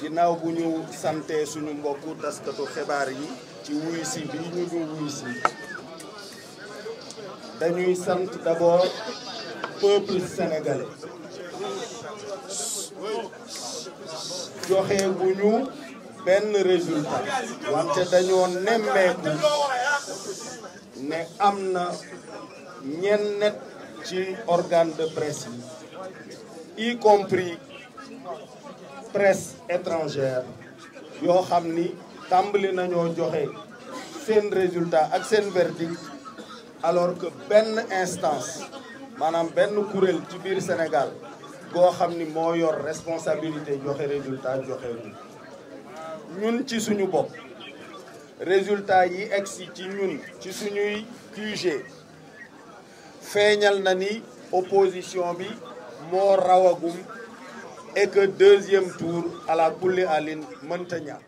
ginnaaw bu ñu sante suñu mbokku taskatu xibaar yi ci wuy si bi ñu ñu wuy si dañuy sant d'abord peuple sénégalais joxe bu ñu benn résultat wante dañoo nemmeeku ne am na ñenn net ci organe de presse yi y presse étrangère yoo xam ni tàmbali nañoo joxe seen résultat ak seen verdict alors que benn instance maanaam benn kuréel ci biir Sénégal goo xam ni moo yor responsabilité joxe résultat joxe ñun ci suñu bopp résultat yi egsi ci ñun ci suñuy QG feeñal na ni opposition bi moo rawagum et que deuxième tour à la kulli alin mënta ñàkk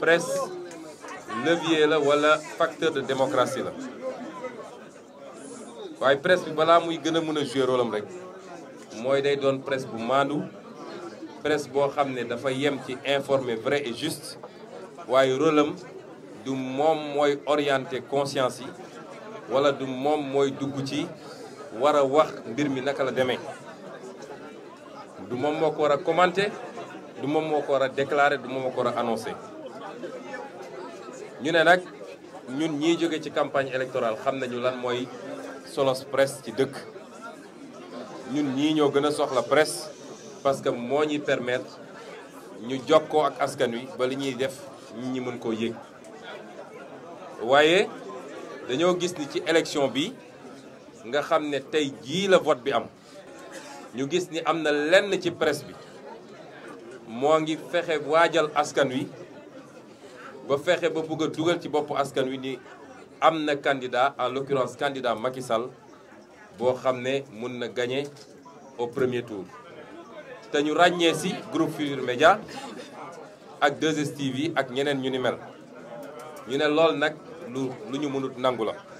presse levier la wala facteur de démocratie la waaye presse bi balaa muy gën a mën a jouer rôle am rek mooy day doon presse bu maandu presse boo xam ne dafa yem ci informer vrai et juste waaye rôle du moom mooy orienté conscience yi wala du moom mooy dugg ci war a wax mbir mi naka la demee moom moo ko war a commenté du moom moo ko war a déclaré du moom moo ko war a annoncé ñu ne nag ñun ñiy jóge ci campagne électorale xam nañu lan mooy solos presse ci dëkk ñun ñii ñoo gën a soxla presse parce que moo ñuy permettre ñu jokkoo ak askan wi ba li ñuy def nit ñi mën koo yëg waaye dañoo gis ni ci élection bi nga xam ne tey jii la vote bi am ñu gis ni am na lenn ci presse bi moo ngi fexe waajal askan wi ba fexe ba bëgga dugal ci boppu askan wi ni am na candidat en l'occurrence candidat Macky boo xam ne mun na gañe au premier tour te ñu ràññee ci groupe Futurs Médias ak 2STV yi ak ñeneen ñu ni mel ñu ne lool nag lu lu ñu mënut nangu la